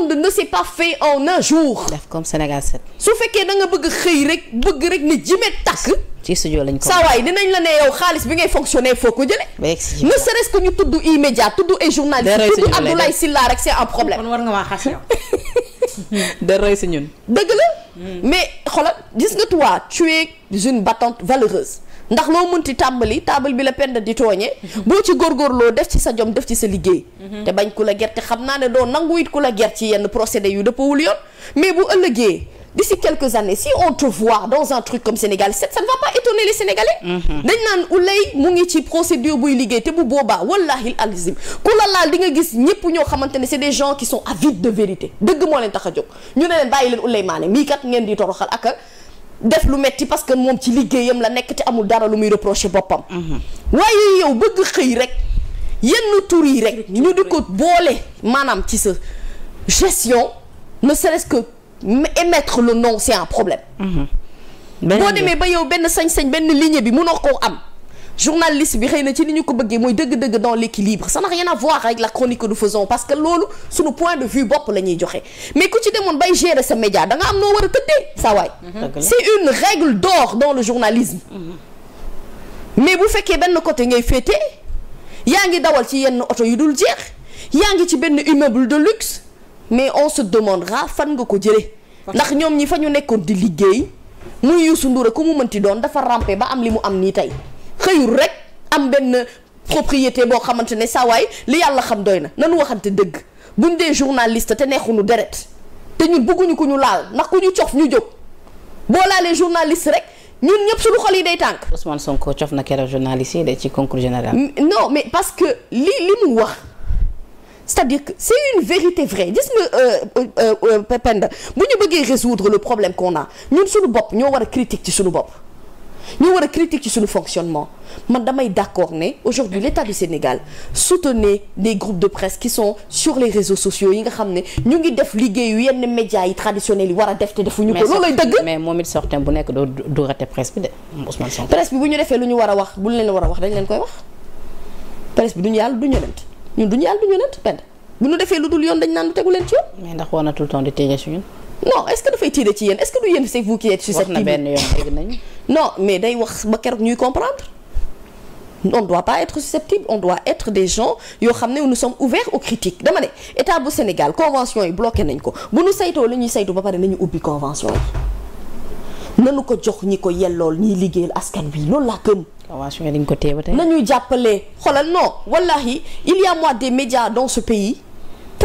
monde ne s'est pas fait en un jour. su fekkee da nga bëgg xëy rek bëgg rek ni jimet takk. ci studio lañ ko saa waay dinañ la ne yow xaalis bi ngay fonctionner foo ko jëlee. ba ne serait-ce que ñu tudd immédiat tudd ay journalistes tudd Abdoulaye Sylla rek c'est un problème. kon war nga maa xas yow. da rëy si ñun. dëgg la. Hmm. mais xoolal gis nga toi tu es une battante valeureuse. ndax loo mënti tàmbali taabal bi la penda di tooñe boo ci loo def ci sa jom def ci sa liggéey mhm. te bañ ku la ger te xam naa ne doon nangu it ku la ger ci yenn procédé yu dëppawul yoon mais bu ëllëgee d'ici quelques années si on te voit dans un truc comme Sénégal 7 ça ne pas étonner les mhm. dañ naan ulay mu ngi ci procédure buy liggéey te bu boobaa wallahi alazim ku la laal di nga gis ñëpp ñoo xamante ne c'est des gens qui sont avides de tax a jóg ne leen bàyyi leen ulay maane mii def lu metti parce que moom ci liggéeyam la nekk te amul dara lu muy reproché boppam. waaye yow bëgg xëy rek yenn tur yi rek. ñu di ko boole maanaam ci sa gestion ne serait-ce que émettre le nom c'est un problème. Mm-hmm. boo demee ba yow benn sañ-sañ benn ligne bi munoo ko am. journaliste bi xëy na ci ni ñu ko bëggee mooy dëgg-dëgg dans l'équilibre ça n'a rien à voir la chronique que nous faisons parce que loolu suñu point de vue bopp la ñuy joxe mais ku ci demoon bay gérer sa média da nga am noo war a tëddee sa waay c'est une règle d'or dans le journalisme mm-hmm. mais bu fekkee benn côté ngay féete yaa ngi dawal ci yenn oto yu dul jeex yaa ngi ci benn immeuble de luxe mais on se demandera fan nga ko jëlee ndax ñoom ñi fa ñu nekkoon di liggéey muy Youssou Ndour ku mu mënti doon dafa ramper ba am li mu am nii tey xëyul rek am benn propriété boo xamante ne saa waay li yàlla xam doy na nanu waxante dëgg buñ dee journaliste te neexuñu deret te ñun bëgguñu ku ñu laal ndax ku ñu cof ñu jóg boo laalee journaliste rek ñun ñëpp suñu xol yi day tànk. Ousmane Sonko cof na keroog de ci concours général. non mais parce que li li mu wax c'est-à-dire que c'est une vérité vraie gis nga euh, euh, euh, Penda bu ñu bëggee résoudre le problème qu'on ñun suñu bopp ñoo war a critique ci suñu bopp. ñu war a critique ci suñu fonctionnement man damay d'accord ne aujourd'hui l'État du Sénégal soutenez des groupe de presse qui sont sur les réseaux sociaux yi nga xam ne ñu ngi def liggéeyu yenn médias yi traditionnels yi war a def te defuñu ko loolay dëgg mais moom it sortem bu nekk doo doo rate presse bi de Ousmane Sonko presse bi bu ñu defee lu ñu war a wax bu ñu leen war a wax dañ leen koy wax presse bi duñu yàlla du ñonent ñun duñu yàlla du ñonent pend bu ñu defee lu dul yoon dañ naan lu tegu leen ci mais ndax war na tout non est-ce que dafay tiire ci yéen est-ce que du yéen c'est vous qui êtes susceptible. wax na benn yoon dégg nañu. non mais day wax ba keroog ñuy comprendre. on doit pas être susceptible on doit être des gens yoo xam ne nous sommes ouverts aux critiques dama ne état bu Sénégal convention yi bloqué nañ ko bu ñu saytoo li ñuy saytu ba pare nañu ubbi convention yi nanu ko jox ñi ko yellool ñiy liggéeyal askan bi loolu laa gëm. yi dañ ko téye ba tey. nañu jàppale xoolal non wallahi il ya mois des médias dans ce pays.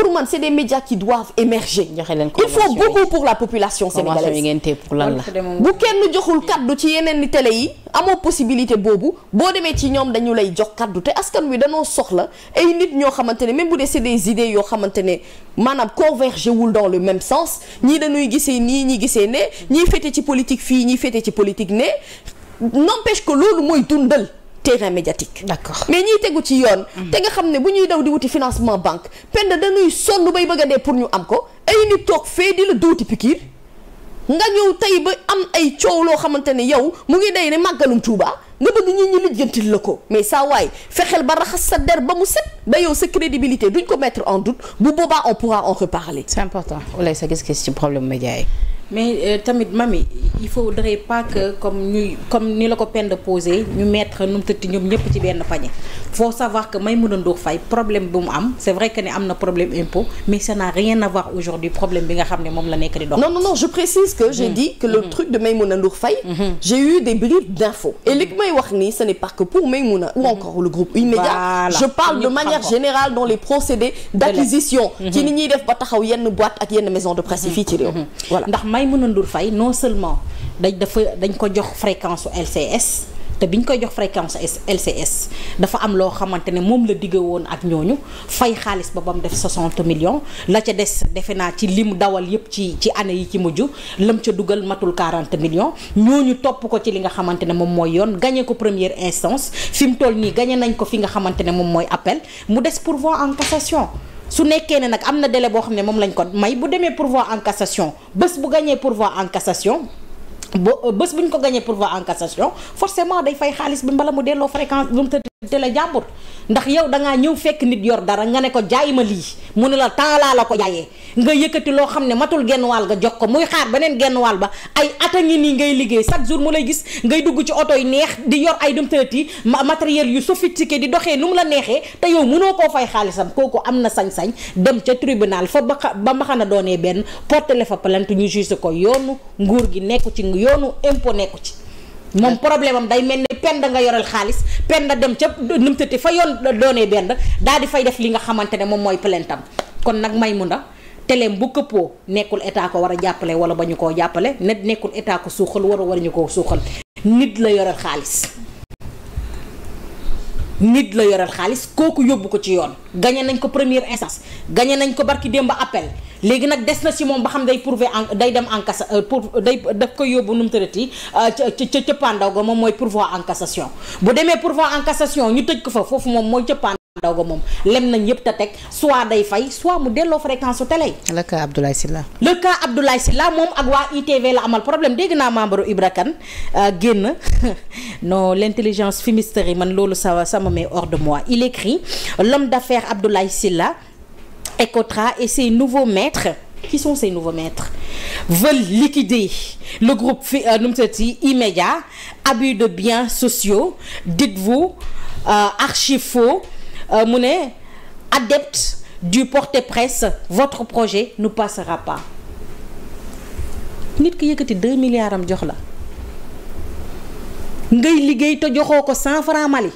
pour man c'est des médias qui doivent émerger. il faut beaucoup pour la population sénégalaise. bu kenn joxul kaddu ci yeneen ni télé yi amoo possibilité boobu boo demee ci ñoom dañu lay jox kàddu te askan wi dañoo soxla ay nit ñoo xamante ne même bu dee c'est des idées yoo xamante ne maanaam converger wul dans le même sens ñii dañuy gisee nii ñii gisee ne ñii féete ci politique fii ñii féete ci politique ne n'empêche ko loolu mooy dundal. terrain médiatique. d'accord mais ñiy tegu ci yoon. Mhm. te nga xam ne bu ñuy daw di wuti financement banque pend dañuy sonn bay bëgg a dee pour ñu am ko ay nit toog fee di la duuti pikiir nga ñëw tey ba am ay coow loo xamante ne yow mu ngi day ne màggalum Tuuba nga bëgg nit ñi lijjantil la ko mais saa waay fexeel ba raxas sa der ba mu set ba yow sa crédibilité duñ ko mettre en doute bu boobaa on pourra en reparler. c'est important Oulaye sa gis-gis ci problème média yi mais euh, tamit mami il faudrait pas que comme ñuy comme ni la ko peine de poser ñu mettre nu mu ñoom ñëpp ci benn panier faut savoir que Maïmouna Ndour fay problème bu mu am c'est vrai que ni am na problème impôt mais ça n'a rien à aujourd'hui problème bi nga xam ne moom la nekk di dox non non non je précise que j'ai mmh. dit que le mmh. truc de Maïmouna Ndour Faye mmh. j'ai eu des bribes d'infos et li may wax nii ce n'est pas que pour Maïmouna ou encore le groupe E-Media je parle de manière ñuy def ba taxaw yenn boîte ak yenn maison de fii ci réew may Maïmouna Ndour Faye non seulement dañ dafa dañ ko jox fréquence LCS te bi biñ koy jox fréquence LCS dafa am loo xamante ne moom la digge woon ak ñooñu fay xaalis ba ba def 60 million la ca des defe naa ci li mu dawal yépp ci ci année yi ci mujj lam ca dugal matul 40 millions ñooñu topp ko ci li nga xamante ne moom mooy yoon gagné ko première instance fi mu toll nii gagné nañ ko fi nga xamante ne moom mooy appel mu des pourvoi en cassation su nekkee ne nag am na délai boo xam ne moom lañ ko may bu demee pourvoi en cassation bés bu gañee pourvoi en cassation bo euh, bés bu ñu ko gañee pourvoi encassation cassation forcément day fay xaalis bi bala mu delloo fréquence bu mu tëddee la jàmbur ndax yow da ngaa ñëw fekk nit yor dara nga ne ko jaay ma lii mu ne la temps laa la ko jaayee. nga yëkkati loo xam ne matul genn wàll nga jox ko muy xaar beneen genn wàll ba ay ata ngi nii ngay liggéey chaque jour mu lay gis ngay dugg ci oto yi neex di yor ay dem tëti matériel yu sophistiqué di doxee nu la neexee te yow mënoo koo fay xaalisam kooku am na sañ-sañ dem ca tribunal fa ba ba mbaxana doonee benn portele fa ñu juge ko yoonu nguur gi nekku ci yoonu impôt nekku ci moom problème am day mel ni penda nga yoreel xaalis na dem ca numtati fa yoon doonee benn daal di fay def li nga xamante ne moom mooy plainte am kon nag may mu ndax teleem bu këppoo nekkul état ko war a jàppale wala ba ñu koo jàppale ne nekkul état ko suuxal war a war ñu koo suuxal nit la yoral xaalis nit la yoral xaalis kooku yóbbu ko ci yoon gañe nañ ko première instance gañe nañ ko barki démb appel léegi nag des na ci moom ba xam day prouver day dem en euh, pour day daf koy yóbbu nu mu tërati euh, ca ca cëppaandaw ga moom mooy pourvoi en bu demee pourvoi en ñu tëj ko fa foofu moom mooy cëppaan ndaw lem nañ yëpp te teg soit day fay soit mu delloo fréquence su télé. le cas Abdoulaye Sylla. le cas moom ak waa ITV la amal problème dégg naa membre Ibra Kane euh, génn non l' intelligence man loolu sa sama mais hors de moi il écrit l'homme d'affaires Abdoulaye Sylla Ecotra et ses nouveaux maîtres. qui sont ces nouveaux maîtres veulent liquider le groupe fi euh, nu immédiat abus de biens sociaux dites-vous euh, faux Euh, mu ne adepte du porte-presse votre projet ne passera pas nit ki yëkkati 2 milliards am jox la ngay liggéey te joxoo ko 100 francs Mali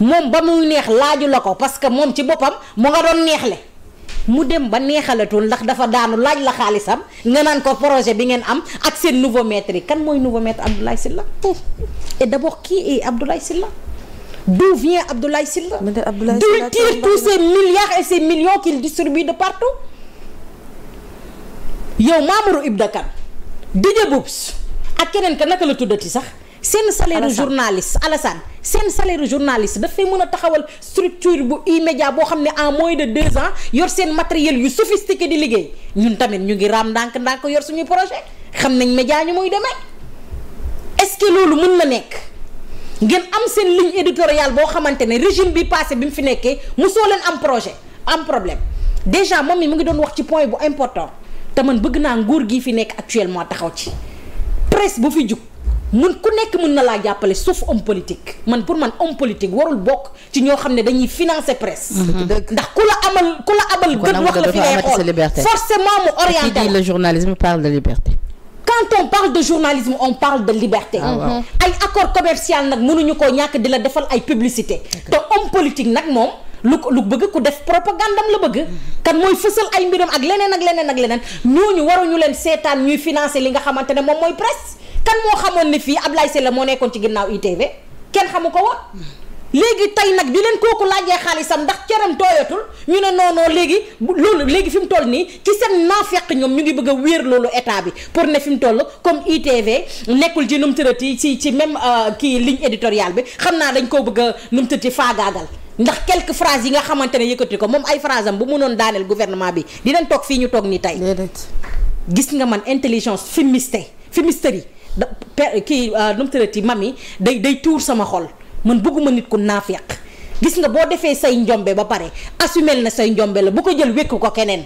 moom ba muy neex laaju la ko parce que moom ci boppam mu nga doon neexle mu dem ba neexalatul ndax dafa daanu laaj la xaalisam nga naan ko projet bi ngeen am ak seen nouveau maître yi kan mooy nouveau maître Abdoulaye Sylla et d'abord qui est Abdoulaye Sylla D'où vient Abdoulaye Sylla? D'où il tire tous ces milliards et ces millions qu'il distribue de partout? yow Mamour Ibra Kane Dj Boubs ak keneen ka naka la tuddati sax seen salaire journaliste Alassane seen salaire journaliste dafay mën a taxawal structure bu immédiat boo xam ne en moins de deux ans yor seen matériel yu sophistiqué di liggéey ñun tamit ñu ngi raam ndànk-ndànk yor suñu projet xam nañ média ñu muy demee est-ce que loolu mën na nekk ngeen am seen ligne éditoriale boo xamante ne régime bi passé bi mu fi nekkee soo leen am projet am problème déjà moom mi mu ngi doon wax ci point bu important te man bëgg naa nguur gi fi nekk actuellement taxaw ci presse bu fi jug mun ku nekk mun na laa jàppale sauf homme politique man pour man homme politique warul bokk ci ñoo xam ne dañuy financer presse. Mm-hmm. ndax ku la amal ku la abal. gën wax la fi ngay xool forcément mu orienté. qui dit le quand on parle de journalisme on parle de liberté ah, ay accord commercial nag mënuñu koo ñàkk di la defal ay publicité te homme politique nag moom lu ko lu bëgg ku def propagandam la bëgg mm-hmm. kan mooy fësal ay mbiram ak leneen ak leneen ak leneen ñooñu waruñu leen seetaan ñuy financé li nga xamante ne moom mooy presse kan moo xamoon ne fii Ablaye Sylla moo nekkoon ci ginnaaw ITV kenn xamu ko woon léegi tey nag bi leen kooku laajee xaalisam ndax cëram tooyatul ñu ne non non léegi loolu léegi fi mu toll nii ci seen naafeq ñoom ñu ngi bëgg a wéer loolu état bi pour ne fi mu toll comme ITV nekkul ci nu mu tërati ci ci même euh, kii ligne éditoriale bi xam naa dañ koo bëgg a nu mu tërati faagaagal. ndax quelques phrases yi nga xamante ne yëkkati ko moom ay phrase am bu mënoon daaneel gouvernement bi dinañ toog fii ñu toog nii tey. gis nga man intelligence fumiste fumisterie da kii euh, nu mu tërati mam yi day day tuur sama xol. man bëgguma nit ku naafeq gis nga boo defee say njombe ba pare assumel na say njombe la bu ko jël wékk ko keneen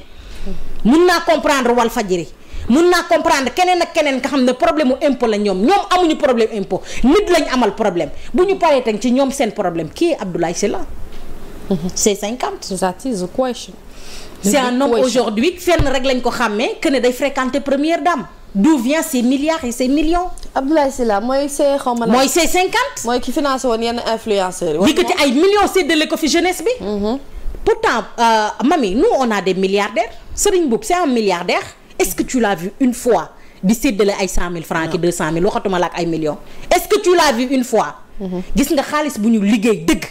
mun naa comprendre wal fajiri mun naa comprendre keneen ak keneen nga xam ne problème mu impôt la ñoom ñoom amuñu problème impôt nit lañ amal problème bu ñu paree teg ci ñoom seen problème kii Abdoulaye Sylla c'est cinquante that is the question c'est un homme aujourd'hui fenn rek lañ ko xàmmee que ne day fréquenter première dame d'où vient ses milliards et ses millions Abdoulaye Sylla mooy see xaw ma la. mooy see 50. mooy ki financé woon yenn influenceurs yi. yëkkati ay millions séddale ko fi jeunesse bi. Mm-hmm. pourtant euh, mami nous on a des milliardaires Serigne Boub c'est un milliardaire est-ce que tu une fois di séddale ay mille francs ki 200000 waxatuma la ak ay million est-ce que tu une fois. Mm-hmm. gis nga xaalis bu ñu liggéey dëgg.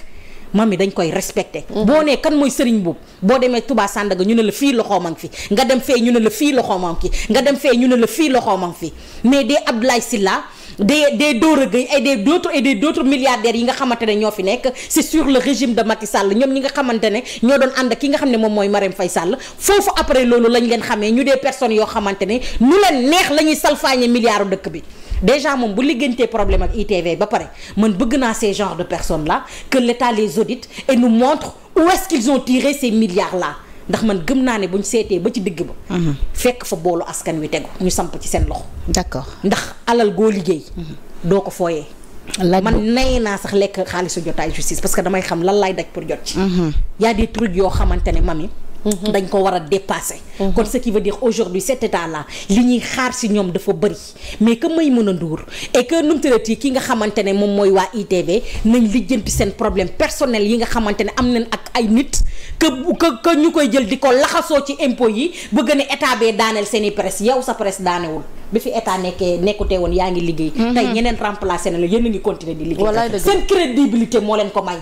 mami dañ koy respecté. Mhm. boo nee kan mooy Serigne Mboup boo demee tubaa Sandaga ñu ne la fii loxoom ak fi nga dem fee ñu ne la fii loxoom ak fi nga dem fee ñu ne la fii loxoom ak fi mais des Abdoulaye Sylla des des Dora Gueye et des d'autres et des d'autres milliardaires yi nga xamante ne ñoo fi nekk c'est sur le régime de Macky Sall ñoom ñi nga xamante ne ñoo doon ànd ki nga xam ne moom mooy Marème Faye Sall foofu après loolu lañ leen xamee ñu dee personnes yoo xamante ne ñu leen neex la ñuy salfaañe milliards dëkk bi. déjà moom bu liggéeyantee problème ak ITV ba pare man bëgg naa ces genres de personne la que l'État les audite et nous montre où est-ce qu'ils ont tiré ces milliards là ndax man gëm naa ne bu ñu seetee ba ci digg ba. Mhm. fekk fa boolu askan wi tegu ñu samp ci seen loxo. d'accord ndax alal goo liggéey. Mhm. doo ko fooyee. man nay naa sax lekk xaalisu jotaay justice parce que damay xam lan laay daj pour jot ci. Mhm. y a des yoo xamante ne mami Mm-hmm. dañ ko war a dépasser. Mm-hmm. kon ce qui veut dire aujourd'hui cet état là li ñuy xaar si ñoom dafa bëri mais que may mën a nduur et que nu mu tërati ki nga xamante ne moom mooy waa ITV nañ lijjanti seen problème personnel yi nga xamante ne am nañ ak ay nit que que ñu koy jël di ko laxasoo ci impôt yi bëgg ne état bee daaneel seen i presse yow sa presse daanewul bi fi état nekkee nekkutee woon yaa ngi liggéey. Mm-hmm. tey ñeneen remplacé na la yéen ngi continuer di liggéey. seen moo leen ko may.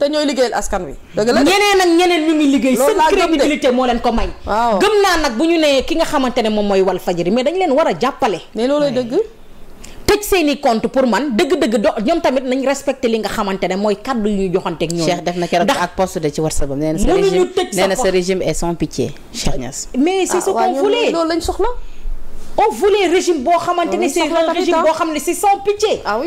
te ñooy liggéeyal askan wi. dëgg la ñeneen ak ñeneen ñu ngi liggéey. seen crédibilité moo leen ko may. waaw gëm naa nag bu ñu nee ki nga xamante ne moom mooy Walfadjri mais dañ leen war a jàppale. mais loolooy dëgg. tëj seeni compte pour man dëgg-dëgg do ñoom tamit nañ respecté li nga xamante ne mooy kaddu yu ñu joxanteeg ñoom. Cheikh def na keroog ak poste de ci WhatsApp sa régime nee na sa régime est sans pitié Cheikh Niass. Ah, boo xamante ne c'est un régime ah. boo xam ne c'est sans pitié. ah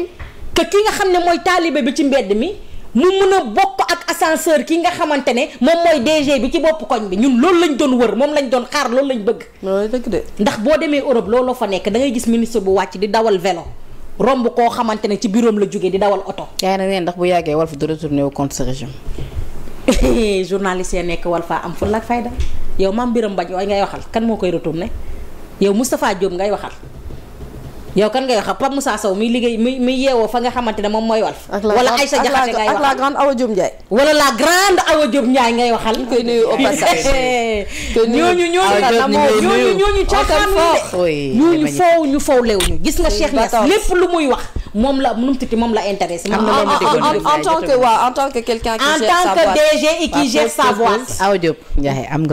ki nga xam ne mooy taalibe bi ci mbedd mi mu mun a bokk ak ascenseur ki nga xamante ne moom mooy DG bi ci bopp koñ bi ñun loolu lañ doon wër moom lañ doon xaar loolu lañ bëgg. dëgg de. ndax boo demee Europe looloo fa nekk dangay gis ministre bu wàcc di dawal velo romb koo xamante ne ci bureau la jógee di dawal oto. yaay na ne ndax bu yàggee Walf du retourné au compte sa régime. journaliste yi nekk faa am fulla ak fayda yow maam Birame Badji waaye ngay waxal kan moo koy retourné yow Moustapha Diop ngay waxal. yow kan ngay wax Pape Moussa Sow mi liggéey mi mi yeewoo fa nga xamante ne moom mooy Walf. wala Aïssa Diakhaté ngay waxal ak la grande Awa Diop Ndiaye. wala la grande ngay waxal. koy nuyu au passage. ñooñu ñooñu ñooñu ñooñu caaxaan ñooñu foow ñu foow gis nga Cheikh Niass lépp lu muy wax. moom la nu mu tudd moom la intéressé. am na ah, ah, ah, en tant que waaw en tant que quelqu'un qui gère sa boîte en tant que DG sa boîte. Awa Diop Ndiaye am nga.